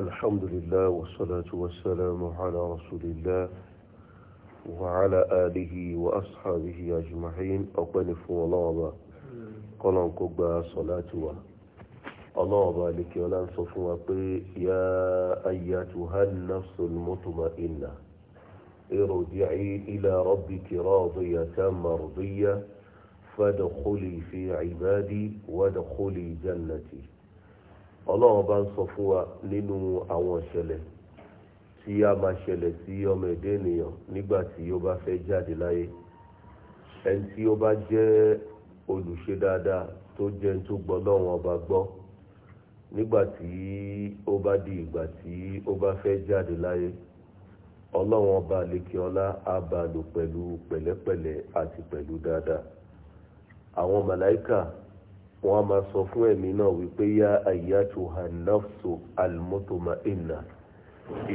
الحمد لله والصلاة والسلام على رسول الله وعلى آله وأصحابه أجمعين أقني فوالله قال أنكم صلاة الله لك ولا نصف يا أيتها النفس المطمئنة ارجعي إلى ربك راضية مرضية فادخلي في عبادي وادخلي جنتي ọlọ́run bá ń sọ fún wa nínú àwọn ìṣẹ̀lẹ̀ tí a máa ṣẹlẹ̀ sí ọmọ ẹ̀dẹ́ ènìyàn nígbà tí ó bá fẹ́ jáde láyé ẹni tí ó bá jẹ́ olùṣe dáadáa tó jẹ́ tó gbọ́ lọ́wọ́n ọba gbọ́ nígbà tí ó bá di ìgbà tí ó bá fẹ́ jáde láyé ọlọ́wọ́n ọba lẹ́kìọ́lá á bá lò pẹ̀lú pẹ̀lẹ́pẹ̀lẹ́ àti pẹ̀lú dáadáa àwọn màláìkà wọ́n á máa sọ fún ẹ̀mí náà wípé yá àyàtò hanafso almotoma inna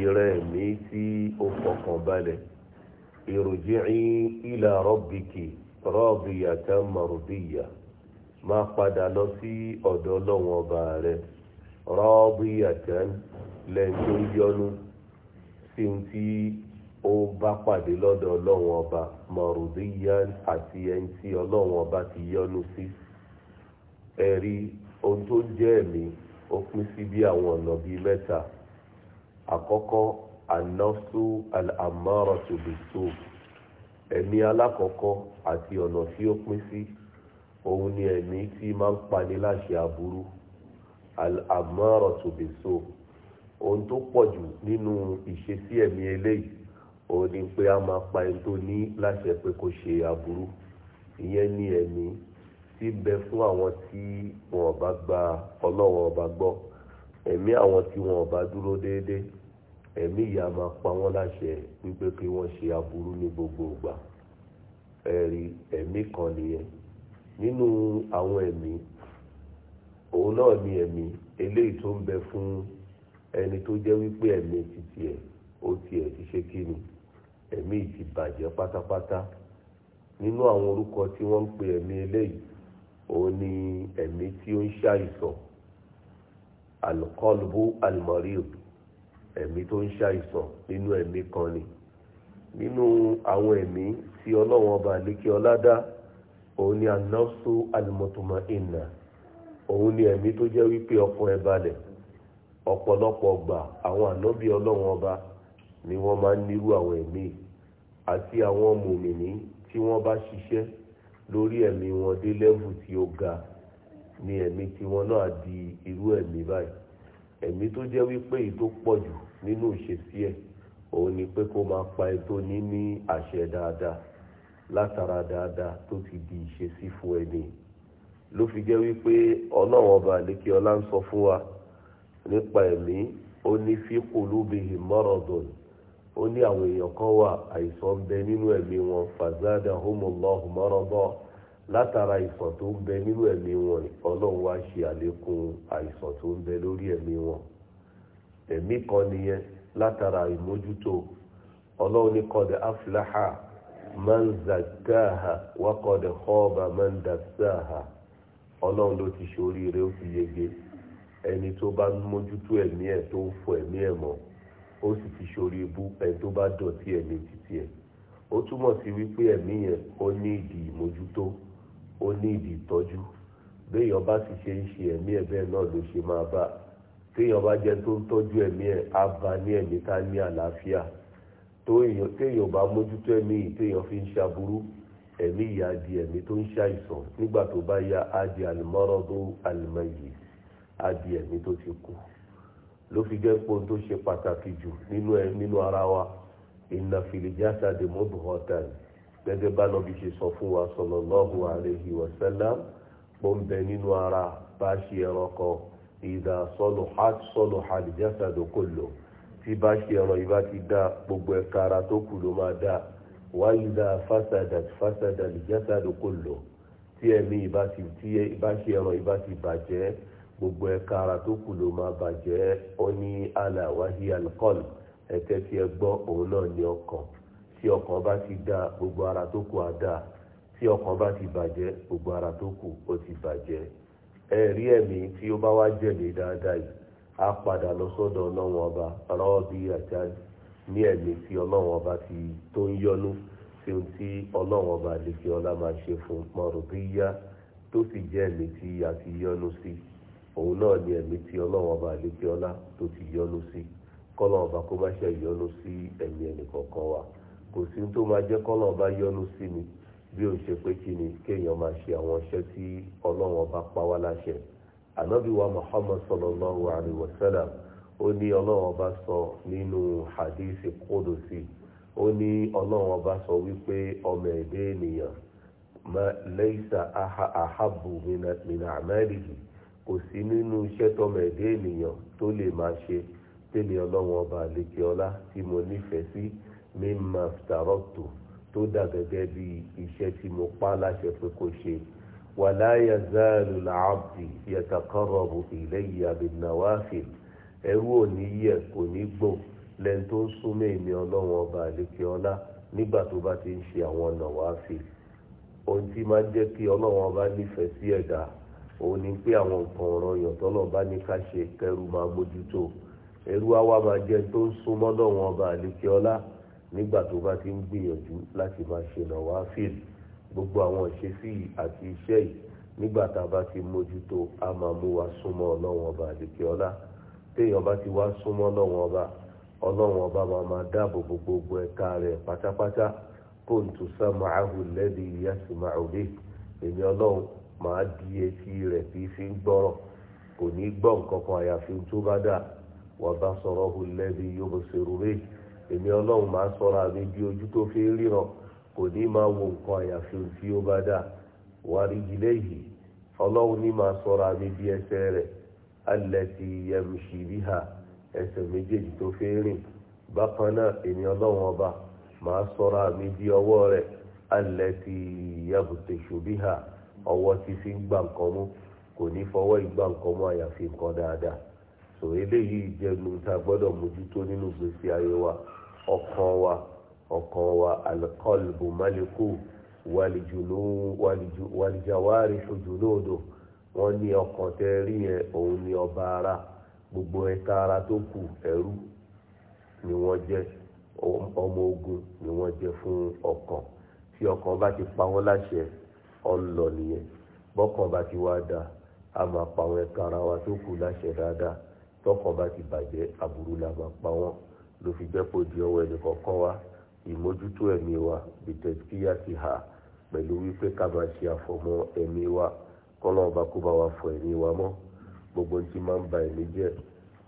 ìrẹ́ ẹ̀mí tí ó fọkàn balẹ̀ ìròjìrì ìlà rọ́bìkì rọ́bìyàtà mọ̀rọ̀bìyà máa padà lọ sí ọ̀dọ̀ ọlọ́wọ́n ọba rẹ̀ rọ́bìyàtà lẹ́yìn tó sí ohun tí ó bá pàdé lọ́dọ̀ ọlọ́wọ́n ọba mọ̀rọ̀bìyà àti ẹni tí ọlọ́wọ́n ọba ti yọnu sí. Si ẹ̀rí ohun tó ń jẹ́ ẹ̀mí ó pín sí bí àwọn ọ̀nà bíi mẹ́ta àkọ́kọ́ anọ́sù àmọ́rọ̀tòbìtò ẹ̀mí alákọ̀ọ́kọ́ àti ọ̀nà tí ó pín sí òun ni ẹ̀mí tí máa ń pani láṣẹ aburú àmọ́rọ̀tòbìtò ohun tó pọ̀ jù nínú ìṣesí ẹ̀mí eléyìí òun ni pé a máa pa ẹni tó ní láṣẹ pé kó ṣe aburú ìyẹn ni ẹ̀mí tí ń bẹ fún àwọn tí wọn bá gba ọlọ́wọ́ ọba gbọ́ ẹ̀mí àwọn tí wọn bá dúró déédéé ẹ̀mí ìyá máa pa wọ́n láṣẹ wípé kí wọ́n ṣe aburú ní gbogbo ìgbà ẹ̀rí ẹ̀mí kan nìyẹn nínú àwọn ẹ̀mí òun náà ni ẹ̀mí eléyìí tó ń bẹ fún ẹni tó jẹ́ wípé ẹ̀mí títí ẹ̀ ó tiẹ̀ ti ṣe kí ni ẹ̀mí ti bàjẹ́ pátápátá nínú àwọn orúkọ tí wọ́n ń pe ẹ̀mí eléyìí òun ni ẹ̀mí tí ó ń ṣàìsàn alukọlùbù almarid ẹ̀mí tó ń ṣàìsàn nínú ẹ̀mí kan ni nínú àwọn ẹ̀mí tí ọlọ́wọ́n ọba lékè ọládá òun ni anọ́sù alimọ̀tòmọ̀ ìnà òun ni ẹ̀mí tó jẹ́ wípé ọkàn ẹ̀ balẹ̀ ọ̀pọ̀lọpọ̀ gbà àwọn ànábì ọlọ́wọ́n ọba ni wọ́n máa ń nírú àwọn ẹ̀mí àti àwọn mùmìnì tí wọ́n bá ṣiṣẹ́ lórí ẹ̀mí wọn dé lẹ́vù tí ó ga ni ẹ̀mí tiwọn náà di irú ẹ̀mí báyìí ẹ̀mí tó jẹ́ wípé èyí tó pọ̀ jù nínú ìṣesí ẹ̀ òun ni pé kó máa pa ẹ tó ní ní àṣẹ dáadáa látara dáadáa tó ti di ìṣesí fún ẹni ló fi jẹ́ wípé ọlọ́run ọba àlékè ọlá ń sọ fún wa nípa ẹ̀mí ó ní fíkùlù bíi mọ́rọ̀dọ̀nù ó ní àwọn èèyàn kan wà àìsàn ń bẹ nínú ẹ̀mí wọn fàzádà homolọ́hùn mọ́rọ́dọ́ látara àìsàn tó ń bẹ nínú ẹ̀mí wọn ọlọ́run wá ṣe àlékún àìsàn tó ń bẹ lórí ẹ̀mí wọn ẹ̀mí kan nìyẹn látara ìmójútó ọlọ́run ní kọ́dẹ̀ wa kọ́dẹ̀ ọlọ́run ló ti yege ẹni tó bá mójútó ẹ̀mí ẹ̀ tó ń fọ ẹ̀mí ẹ̀ mọ́. ó sì ti ṣorí ibú ẹ tó bá dọ̀tí ẹ̀mí títí ẹ̀ ó túmọ̀ sí wípé ẹ̀mí yẹn ó ní ìdí ìmójútó ó ní ìdí ìtọ́jú béèyàn bá sì ṣe ń ṣe ẹ̀mí ẹ̀ bẹ́ẹ̀ náà ló ṣe máa bá téèyàn bá jẹ́ tó ń tọ́jú ẹ̀mí ẹ̀ á ba ní ẹ̀mí tá ní àlàáfíà téèyàn bá mójútó ẹ̀mí yìí téèyàn fi ń ṣaburú ẹ̀mí yìí á di ẹ̀mí tó ń ṣàìsàn nígbà tó bá yá á di àlùmọ́rọ́dún àlùmọ́yì á di ẹ̀mí tó ti kú. ló fi jẹ́ pé ohun tó ṣe pàtàkì jù nínú ẹ nínú ara wa inna fil jasadi mudghatan gẹ́gẹ́ bá lọ́bi ṣe sọ fún wa sallallahu alayhi wa sallam ó ń bẹ nínú ara bá ṣe ẹran kan idha salahat salaha al jasadu kullu tí bá ṣe ẹran yìí bá ti dá gbogbo ẹ̀ka ara tó kù ló máa dá wa idha fasadat fasada al jasadu kullu tí ẹ̀mí ìbá ṣe ẹran yìí ti bàjẹ́ gbogbo ẹka ara tó kù ló máa bàjẹ́ ó ní aláwáhí alkọ́l ẹ̀tẹ́ tí ẹ gbọ́ òun náà ní ọkàn tí ọkàn bá ti dá gbogbo ara tó kù á dá tí ọkàn bá ti bàjẹ́ gbogbo ara tó kù ó ti bàjẹ́ ẹ̀rí ẹ̀mí tí ó bá wá jẹ̀lé dáadáa yìí á padà lọ sọ́dọ̀ ọlọ́run ọba rọ́ọ̀bì àjá ní ẹ̀mí tí ọlọ́run ọba ti tó ń yọnu tí ohun tí ọlọ́run ọba àlejò ọlá máa ṣe fún mọ̀rùbíyá tó sì jẹ́ ẹ̀mí tí a ti yọnu sí i. òun náà ni ẹ̀mí tí ọlọ́run ọba àlékè ọlá tó ti yọ́nú sí kọ́lọ́run ọba kó má ṣe yọ́nú sí ẹ̀mí wa kò sí tó máa jẹ́ kọ́lọ́run si ni sí o bí ṣe ni kéèyàn máa ṣe àwọn iṣẹ́ tí ọlọ́run ọba pa wá láṣẹ ànábì wa muhammad sallallahu alayhi wa sallam ó ní sọ nínú hadithi ó ní sọ wípé ọmọ ẹ̀dẹ́ ènìyàn ahabu kò sí nínú iṣẹ́ tọmọ ẹ̀dá ènìyàn tó lè máa ṣe tẹ́lẹ̀ ọlọ́run ọba àlejò ọlá tí mo nífẹ̀ẹ́ sí mímọ tààrọ́tò tó dà gẹ́gẹ́ bí iṣẹ́ tí mo pa láṣẹ pé kó ṣe wàlá yazalu làbdi yataqarrabu ilayya bin nawafil ẹrú òní yẹ kò ní gbò lẹ́ni tó ń súnmọ́ èmi ọlọ́run ọba àlejò ọlá nígbà tó bá ti ń ṣe àwọn nawafil ohun tí máa jẹ́ kí ọlọ́run ọba nífẹ̀ẹ́ sí ẹ̀dá òun ni pé àwọn nǹkan ọ̀ràn yọ̀tọ̀ náà bá ní ká ṣe kẹrù máa mójútó ẹrú àwa máa jẹ tó ń súnmọ́ náà wọn bá àlékè ọlá nígbà tó bá ti ń gbìyànjú láti máa ṣe náà wá fíìlì gbogbo àwọn ìṣesí àti iṣẹ́ yìí nígbà tá a bá ti mójútó a máa mú wa súnmọ́ ọlọ́wọ́n ọba àlékè ọlá téèyàn bá ti wá súnmọ́ ọlọ́wọ́n ọba ọlọ́wọ́n ọba máa máa dáàbò gbogbo ẹ̀ka rẹ̀ pátápátá kóńtù sámàáhù lẹ́bi yasùmáàlì èmi ọlọ́run màá di etí rẹ̀ tí fi ń gbọ́rọ̀ kò ní gbọ́ nǹkan kan àyàfi tó bá dà wà bá sọ̀rọ̀ hulẹ́bi yóò bó ṣe rúbé èmi ọlọ́run máa sọ̀rọ̀ àmì bí ojú tó fi ń ríran kò ní máa wo nǹkan àyàfi tí ó bá dà wà rí ilé yìí ọlọ́run ní máa sọ̀rọ̀ àmì bí ẹsẹ̀ rẹ̀ alẹ́ ti yẹmùsì bí ha ẹsẹ̀ méjèèjì tó fi rìn bákan náà èmi ọlọ́run ọba máa sọ̀rọ̀ àmì bí ọwọ́ rẹ̀ alẹ́ ti yẹmùtẹ̀ṣù bí ha ọwọ́ tí fi ń gbà nǹkan mú kò ní fọwọ́ ìgbà nǹkan mú àyàfi nǹkan dáadáa so eléyìí jẹnu tá a gbọ́dọ̀ mójútó nínú gbèsè ayé wa ọkàn wa ọkàn wa alikọlùbù málekù wàlìjàwárí ṣojúlóòdò wọn ní ọkàn tẹ rí yẹn òun ní ọba ara gbogbo ẹ̀ka ara tó kù ẹrú ni wọn jẹ ọmọ ogun ni wọn jẹ fún ọkàn tí ọkàn bá ti pa wọn láṣẹ ọ̀nà nìyẹn bọ́kàn bá ti wá dà á máa pa àwọn ẹ̀ka ara wa tó kù láṣẹ dáadáa tọkàn bá ti bàjẹ́ aburú la máa pa wọ́n ló fi jẹ́ kó di ọwọ́ ẹnìkọ̀ọ̀kan wa ìmójútó ẹ̀mí wa bìtẹ̀kíyà ti hà pẹ̀lú wípé ká máa ṣe àfọ̀mọ́ ẹ̀mí wa kọ́nà ọba kó bá wa fọ ẹ̀mí wa mọ́ gbogbo ní ti máa ń ba ẹ̀mí jẹ́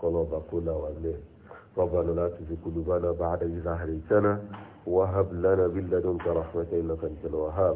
kọ́nà ọba kó là wà lẹ̀ ربنا لا تزغ قلوبنا بعد إذ هديتنا وهب لنا من لدنك رحمة إنك أنت الوهاب